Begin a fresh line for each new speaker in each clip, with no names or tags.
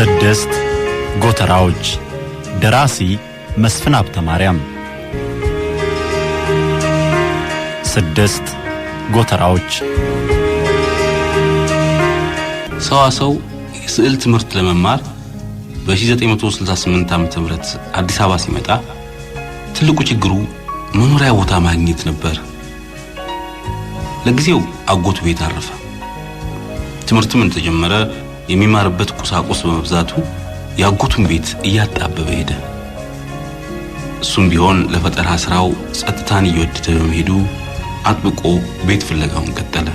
ስድስት ጎተራዎች ደራሲ መስፍን ሀብተ ማርያም። ስድስት ጎተራዎች ሰዋሰው የስዕል ትምህርት ለመማር በ1968 ም አዲስ አበባ ሲመጣ ትልቁ ችግሩ መኖሪያ ቦታ ማግኘት ነበር። ለጊዜው አጎቱ ቤት አረፈ። ትምህርትም እንደተጀመረ የሚማርበት ቁሳቁስ በመብዛቱ ያጎቱን ቤት እያጣበበ ሄደ። እሱም ቢሆን ለፈጠራ ስራው ጸጥታን እየወደደ በመሄዱ አጥብቆ ቤት ፍለጋውን ቀጠለ።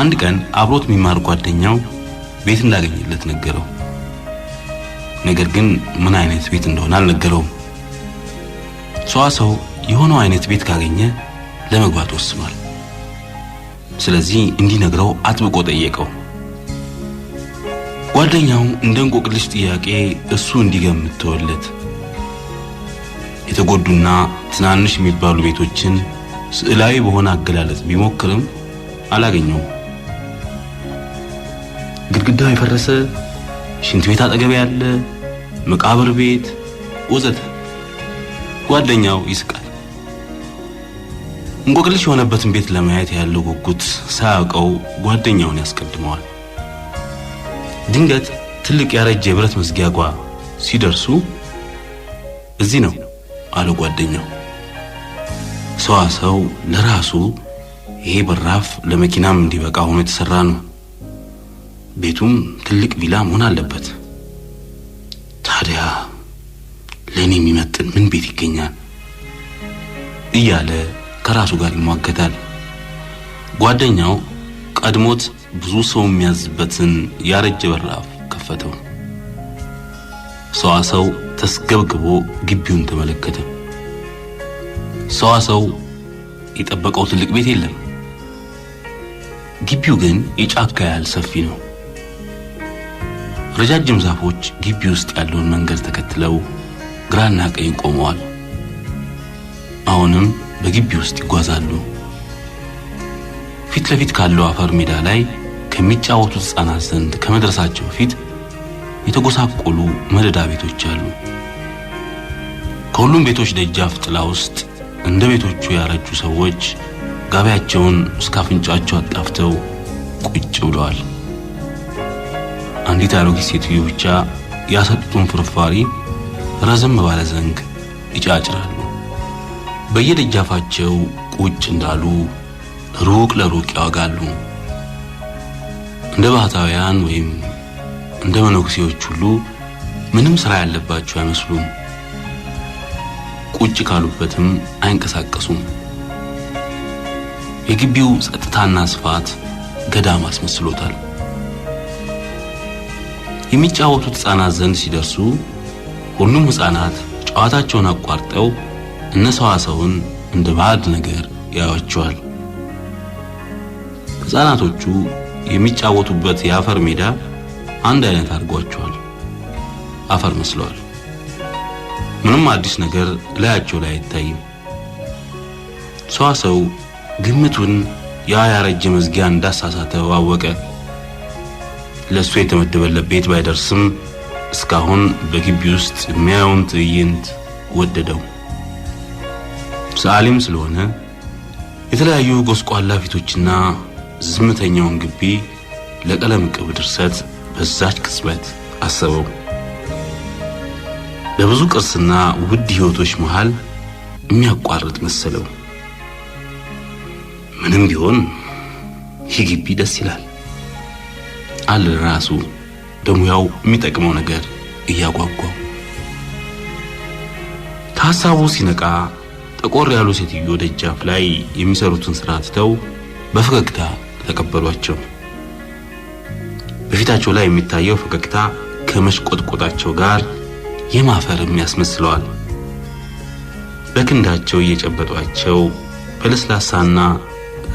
አንድ ቀን አብሮት የሚማር ጓደኛው ቤት እንዳገኘለት ነገረው። ነገር ግን ምን አይነት ቤት እንደሆነ አልነገረውም። ሰዋ ሰው የሆነው አይነት ቤት ካገኘ ለመግባት ወስኗል። ስለዚህ እንዲነግረው አጥብቆ ጠየቀው። ጓደኛው እንደ እንቆቅልሽ ጥያቄ እሱ እንዲገምት ተወለት። የተጎዱና ትናንሽ የሚባሉ ቤቶችን ስዕላዊ በሆነ አገላለጽ ቢሞክርም አላገኘውም። ግድግዳው የፈረሰ ሽንት ቤት አጠገብ ያለ መቃብር ቤት ወዘተ። ጓደኛው ይስቃል። እንቆቅልሽ የሆነበትን ቤት ለማየት ያለው ጉጉት ሳያውቀው ጓደኛውን ያስቀድመዋል። ድንገት ትልቅ ያረጀ የብረት መዝጊያ ጓ ሲደርሱ እዚህ ነው አለ ጓደኛው። ሰዋ ሰው ለራሱ ይሄ በራፍ ለመኪናም እንዲበቃ ሆኖ የተሰራ ነው። ቤቱም ትልቅ ቪላ መሆን አለበት። ታዲያ ለእኔ የሚመጥን ምን ቤት ይገኛል እያለ ከራሱ ጋር ይሟገታል። ጓደኛው ቀድሞት ብዙ ሰው የሚያዝበትን ያረጀ በራፍ ከፈተው። ሰዋሰው ተስገብግቦ ግቢውን ተመለከተ። ሰዋሰው የጠበቀው ትልቅ ቤት የለም። ግቢው ግን የጫካ ያህል ሰፊ ነው። ረጃጅም ዛፎች ግቢ ውስጥ ያለውን መንገድ ተከትለው ግራና ቀኝ ቆመዋል። አሁንም በግቢ ውስጥ ይጓዛሉ። ፊት ለፊት ካለው አፈር ሜዳ ላይ ከሚጫወቱት ሕፃናት ዘንድ ከመድረሳቸው በፊት የተጎሳቆሉ መደዳ ቤቶች አሉ። ከሁሉም ቤቶች ደጃፍ ጥላ ውስጥ እንደ ቤቶቹ ያረጁ ሰዎች ጋቢያቸውን እስከ አፍንጫቸው አጣፍተው ቁጭ ብለዋል። አንዲት አሮጊት ሴትዮ ብቻ ያሰጡትን ፍርፋሪ ረዘም ባለ ዘንግ ይጫጭራል። በየደጃፋቸው ቁጭ እንዳሉ ሩቅ ለሩቅ ያወጋሉ። እንደ ባህታውያን ወይም እንደ መነኩሴዎች ሁሉ ምንም ሥራ ያለባቸው አይመስሉም። ቁጭ ካሉበትም አይንቀሳቀሱም። የግቢው ጸጥታና ስፋት ገዳም አስመስሎታል። የሚጫወቱት ህፃናት ዘንድ ሲደርሱ ሁሉም ህፃናት ጨዋታቸውን አቋርጠው እነሰዋሰውን እንደ ባዕድ ነገር ያዩዋቸዋል። ሕፃናቶቹ የሚጫወቱበት የአፈር ሜዳ አንድ አይነት አድርጓቸዋል። አፈር መስለዋል። ምንም አዲስ ነገር ላያቸው ላይ አይታይም። ሰዋሰው ግምቱን ያ ያረጀ መዝጊያ እንዳሳሳተው አወቀ። ለእሱ የተመደበለት ቤት ባይደርስም እስካሁን በግቢ ውስጥ የሚያየውን ትዕይንት ወደደው። ሰዓሊም ስለሆነ የተለያዩ ጎስቋላ ፊቶችና ዝምተኛውን ግቢ ለቀለም ቅብ ድርሰት በዛች ቅጽበት አሰበው። በብዙ ቅርስና ውድ ሕይወቶች መሃል የሚያቋርጥ መሰለው። ምንም ቢሆን ይህ ግቢ ደስ ይላል አለ ራሱ በሙያው የሚጠቅመው ነገር እያጓጓው። ታሳቡ ሲነቃ ጠቆር ያሉ ሴትዮ ደጃፍ ላይ የሚሰሩትን ስራ ትተው በፈገግታ ተቀበሏቸው። በፊታቸው ላይ የሚታየው ፈገግታ ከመሽቆጥቆጣቸው ጋር የማፈርም ያስመስለዋል። በክንዳቸው እየጨበጧቸው በለስላሳና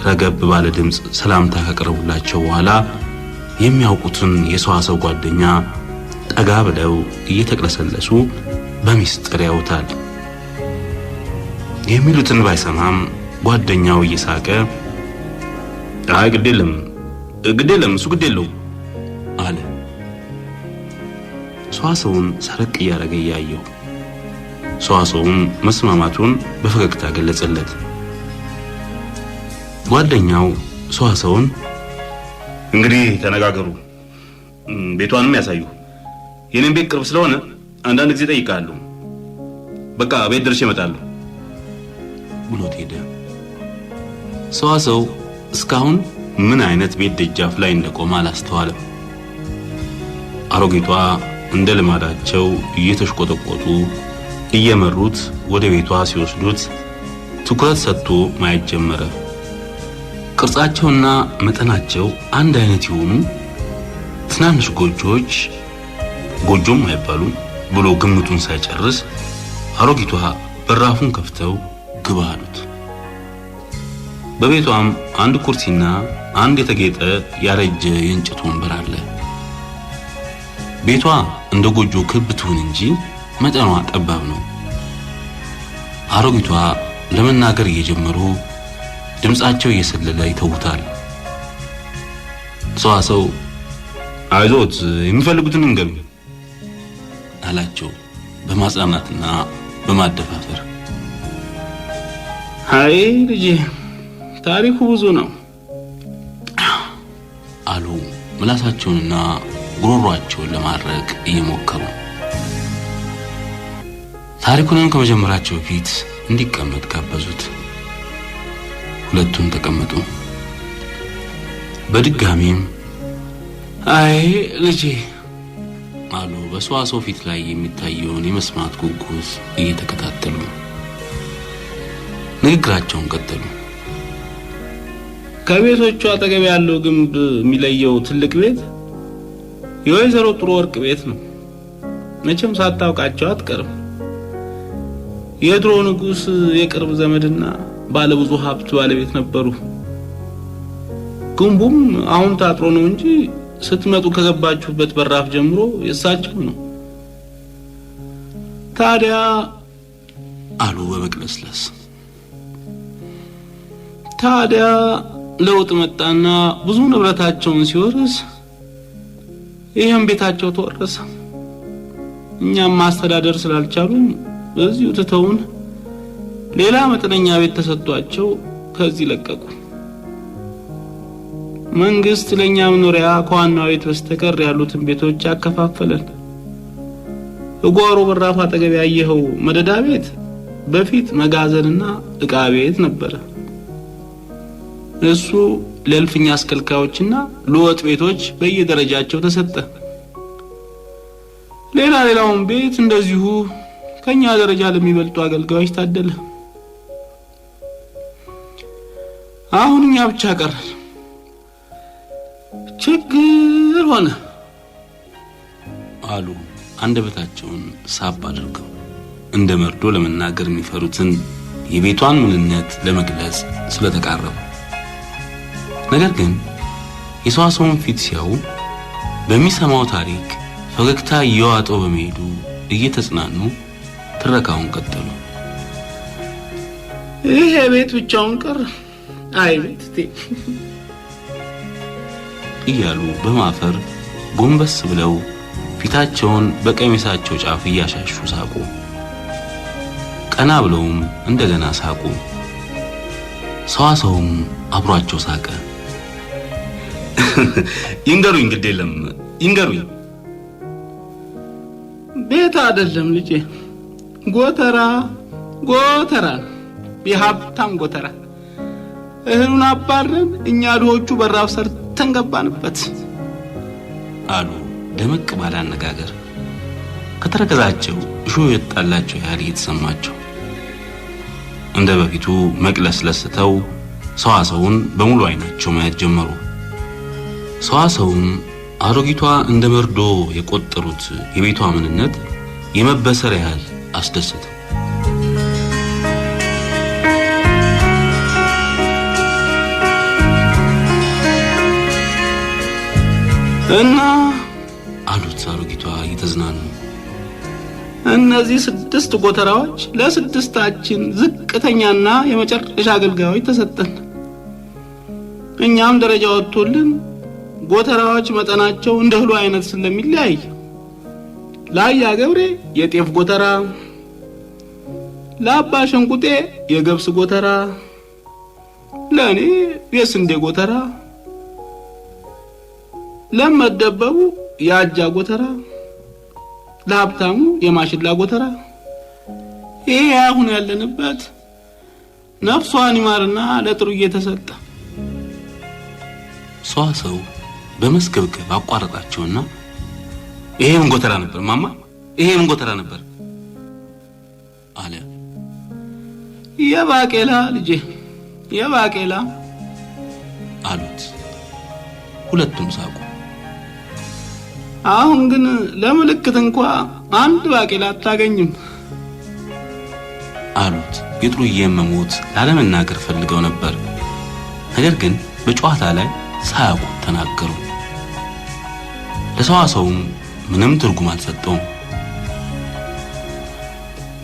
ረገብ ባለ ድምፅ ሰላምታ ካቀረቡላቸው በኋላ የሚያውቁትን የሰዋሰው ጓደኛ ጠጋ ብለው እየተቅለሰለሱ በሚስጥር ያውታል። የሚሉትን ባይሰማም ጓደኛው እየሳቀ አይ ግዴለም ግዴለም እሱ ግዴለው አለ። ሰዋሰውን ሰረቅ እያደረገ እያየው ሰዋሰውም መስማማቱን በፈገግታ ገለጸለት። ጓደኛው ሰዋሰውን እንግዲህ ተነጋገሩ፣ ቤቷንም ያሳዩ። የኔን ቤት ቅርብ ስለሆነ አንዳንድ ጊዜ ጠይቃለሁ። በቃ ቤት ደርሼ እመጣለሁ። ብሎት ሄደ። ሰዋሰው እስካሁን ምን አይነት ቤት ደጃፍ ላይ እንደቆመ አላስተዋለም። አሮጊቷ እንደ ልማዳቸው እየተሽቆጠቆጡ እየመሩት ወደ ቤቷ ሲወስዱት ትኩረት ሰጥቶ ማየት ጀመረ። ቅርጻቸውና መጠናቸው አንድ አይነት የሆኑ ትናንሽ ጎጆዎች፣ ጎጆም አይባሉም ብሎ ግምቱን ሳይጨርስ አሮጊቷ በራፉን ከፍተው ግባ አሉት። በቤቷም አንድ ኩርሲና አንድ የተጌጠ ያረጀ የእንጨት ወንበር አለ። ቤቷ እንደ ጎጆ ክብ ትሁን እንጂ መጠኗ ጠባብ ነው። አሮጊቷ ለመናገር እየጀመሩ ድምፃቸው እየሰለለ ይተውታል። ሰዋሰው አይዞት የሚፈልጉትን እንገሉ አላቸው በማጽናናትና በማደፋፈር
አይ ልጄ ታሪኩ ብዙ ነው
አሉ። ምላሳቸውንና ጉሮሯቸውን ለማድረግ እየሞከሩ ታሪኩንም ከመጀመራቸው በፊት እንዲቀመጥ ጋበዙት። ሁለቱም ተቀመጡ። በድጋሚም
አይ ልጄ
አሉ። በሰዋሰው ፊት ላይ የሚታየውን የመስማት ጉጉት እየተከታተሉ ንግግራቸውን ቀጠሉ።
ከቤቶቹ አጠገብ ያለው ግንብ የሚለየው ትልቅ ቤት የወይዘሮ ጥሩ ወርቅ ቤት ነው። መቼም ሳታውቃቸው አትቀርም። የድሮ ንጉሥ የቅርብ ዘመድና ባለብዙ ሀብት ባለቤት ነበሩ። ግንቡም አሁን ታጥሮ ነው እንጂ ስትመጡ ከገባችሁበት በራፍ ጀምሮ የእሳቸው ነው። ታዲያ
አሉ በመቅለስለስ
ታዲያ ለውጥ መጣና ብዙ ንብረታቸውን ሲወርስ ይህም ቤታቸው ተወረሰ። እኛም ማስተዳደር ስላልቻሉ በዚሁ ትተውን ሌላ መጠነኛ ቤት ተሰጥቷቸው ከዚህ ለቀቁ። መንግስት ለኛ መኖሪያ ከዋናው ቤት በስተቀር ያሉትን ቤቶች አከፋፈለን። እጓሮ በራፍ አጠገብ ያየኸው መደዳ ቤት በፊት መጋዘንና እቃ ቤት ነበረ። እሱ ለልፍኛ አስከልካዮችና ለወጥ ቤቶች በየደረጃቸው ተሰጠ። ሌላ ሌላውን ቤት እንደዚሁ ከኛ ደረጃ ለሚበልጡ አገልጋዮች ታደለ። አሁን እኛ ብቻ ቀረን። ችግር ሆነ
አሉ አንደበታቸውን ሳብ አድርገው እንደ መርዶ ለመናገር የሚፈሩትን የቤቷን ምንነት ለመግለጽ ስለተቃረቡ ነገር ግን የሰዋሰውን ፊት ሲያዩ በሚሰማው ታሪክ ፈገግታ እየዋጠው በመሄዱ እየተጽናኑ ትረካውን ቀጠሉ።
ይህ ቤት ብቻውን ቀር አይ ቤት
እያሉ በማፈር ጎንበስ ብለው ፊታቸውን በቀሚሳቸው ጫፍ እያሻሹ ሳቁ። ቀና ብለውም እንደገና ሳቁ። ሰዋሰውም አብሯቸው ሳቀ። ይንገሩኝ፣ ግድ የለም ይንገሩኝ።
ቤት አይደለም ልጄ፣ ጎተራ ጎተራ፣ የሀብታም ጎተራ። እህሉን አባረን እኛ ድሆቹ በራፍ ሰርተን ገባንበት
አሉ ደመቅ ባለ አነጋገር። ከተረከዛቸው እሾ የወጣላቸው ያህል እየተሰማቸው እንደ በፊቱ ለስተው ሰዋሰውን በሙሉ አይናቸው ማየት ጀመሩ። ሰዋሰውም አሮጊቷ እንደ መርዶ የቆጠሩት የቤቷ ምንነት የመበሰር ያህል አስደሰተ። እና አሉት አሮጊቷ እየተዝናኑ
እነዚህ ስድስት ጎተራዎች ለስድስታችን ዝቅተኛና የመጨረሻ አገልጋዮች ተሰጠን። እኛም ደረጃ ወጥቶልን ጎተራዎች መጠናቸው እንደ እህሉ አይነት ስለሚለያይ ለአያ ገብሬ የጤፍ ጎተራ፣ ለአባ ሸንቁጤ የገብስ ጎተራ፣ ለእኔ የስንዴ ጎተራ፣ ለመደበቡ የአጃ ጎተራ፣ ለሀብታሙ የማሽላ ጎተራ። ይሄ አሁን ያለንበት ነፍሷን ይማርና ለጥሩ እየተሰጠ
ሷ ሰው በመስገብገብ አቋረጣቸውና ይሄ ምን ጎተራ ነበር ማማ፣ ይሄ ምን ጎተራ ነበር አለ።
የባቄላ ልጄ የባቄላ
አሉት። ሁለቱም ሳቁ።
አሁን ግን ለምልክት እንኳ አንድ ባቄላ አታገኝም
አሉት። የጥሩዬን መሞት ላለመናገር ፈልገው ነበር፣ ነገር ግን በጨዋታ ላይ ሳያውቁ ተናገሩ። ለሰዋሰውም ምንም ትርጉም አልሰጠውም።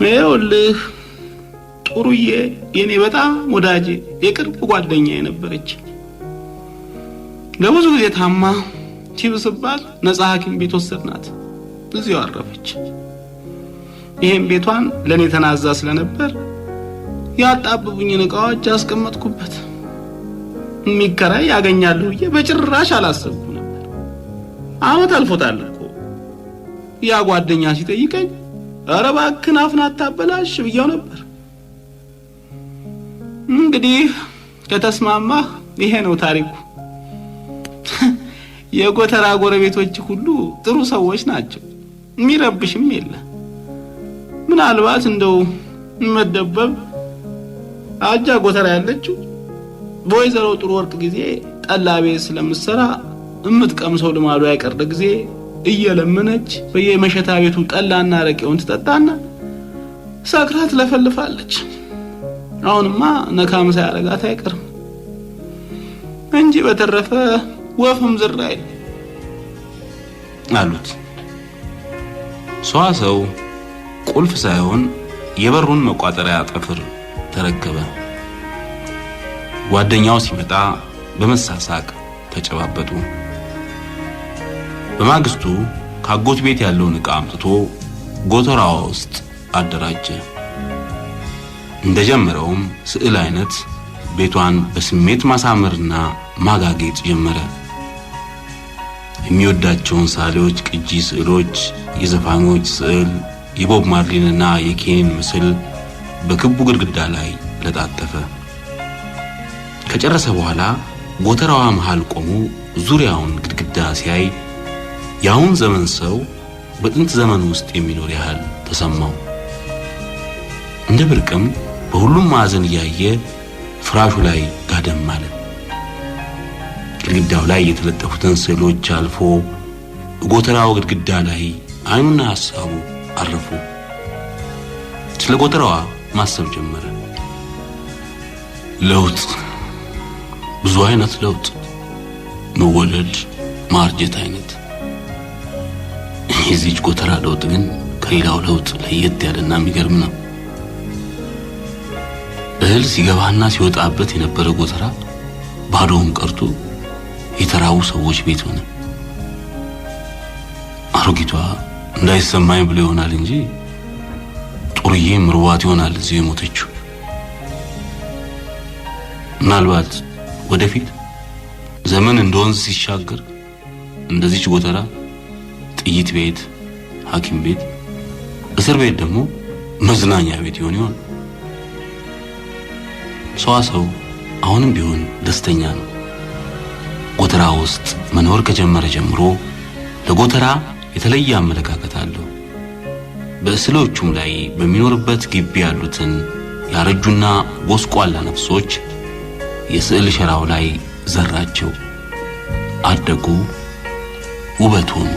ይኸውልህ ጥሩዬ የኔ በጣም ወዳጅ የቅርብ ጓደኛ የነበረች ለብዙ ጊዜ ታማ ሲብስባት ነፃ ሐኪም ቤት ወሰድናት። እዚያው አረፈች። ይሄን ቤቷን ለኔ ተናዛ ስለነበር ያጣብቡኝን እቃዎች አስቀመጥኩበት። የሚከራይ ያገኛለሁ ብዬ በጭራሽ አላስብም አመት አልፎታል እኮ ያ ጓደኛ ሲጠይቀኝ ኧረ እባክህን አፍና አታበላሽ ብየው ነበር። እንግዲህ ከተስማማህ ይሄ ነው ታሪኩ። የጎተራ ጎረቤቶች ሁሉ ጥሩ ሰዎች ናቸው። የሚረብሽም የለ። ምናልባት እንደው መደበብ አጃ ጎተራ ያለችው በወይዘሮ ጥሩ ወርቅ ጊዜ ጠላ ቤት ስለምትሰራ እምትቀምሰው ልማዶ ያቀርደ ጊዜ እየለመነች በየመሸታ ቤቱ ጠላና አረቄውን ትጠጣና ሰክራ ትለፈልፋለች። አሁንማ ነካም ሳያረጋት አይቀርም እንጂ በተረፈ ወፍም ዝር አይል
አሉት። ሰዋ ሰው ቁልፍ ሳይሆን የበሩን መቋጠሪያ ጠፍር ተረከበ። ጓደኛው ሲመጣ በመሳሳቅ ተጨባበጡ። በማግስቱ ካጎት ቤት ያለውን ዕቃ አምጥቶ ጎተራ ውስጥ አደራጀ። እንደጀመረውም ስዕል አይነት ቤቷን በስሜት ማሳመርና ማጋጌጥ ጀመረ። የሚወዳቸውን ሳሌዎች ቅጂ ስዕሎች፣ የዘፋኞች ስዕል፣ የቦብ ማርሊንና የኬንን ምስል በክቡ ግድግዳ ላይ ለጣጠፈ። ከጨረሰ በኋላ ጎተራዋ መሃል ቆሞ ዙሪያውን ግድግዳ ሲያይ የአሁን ዘመን ሰው በጥንት ዘመን ውስጥ የሚኖር ያህል ተሰማው። እንደ ብርቅም በሁሉም ማዕዘን እያየ ፍራሹ ላይ ጋደም ማለት ግድግዳው ላይ የተለጠፉትን ስዕሎች አልፎ ጎተራው ግድግዳ ላይ አይኑና ሐሳቡ አረፉ። ስለ ጎተራዋ ማሰብ ጀመረ። ለውጥ ብዙ አይነት ለውጥ መወለድ፣ ማርጀት አይነት የዚች ጎተራ ለውጥ ግን ከሌላው ለውጥ ለየት ያለና የሚገርም ነው። እህል ሲገባና ሲወጣበት የነበረ ጎተራ ባዶውን ቀርቶ የተራቡ ሰዎች ቤት ሆነ። አሮጊቷ እንዳይሰማኝ ብሎ ይሆናል እንጂ ጡርዬ ምርዋት ይሆናል እዚሁ የሞተችው ምናልባት ወደፊት ዘመን እንደ ወንዝ ሲሻገር እንደዚች ጎተራ ጥይት ቤት፣ ሐኪም ቤት፣ እስር ቤት ደግሞ መዝናኛ ቤት ይሆን ይሆን? ሰው አሁንም ቢሆን ደስተኛ ነው። ጎተራ ውስጥ መኖር ከጀመረ ጀምሮ ለጎተራ የተለየ አመለካከት አለው። በስዕሎቹም ላይ በሚኖርበት ግቢ ያሉትን ያረጁና ጎስቋላ ነፍሶች የስዕል ሸራው ላይ ዘራቸው፣ አደጉ፣ ውበት ሆኑ።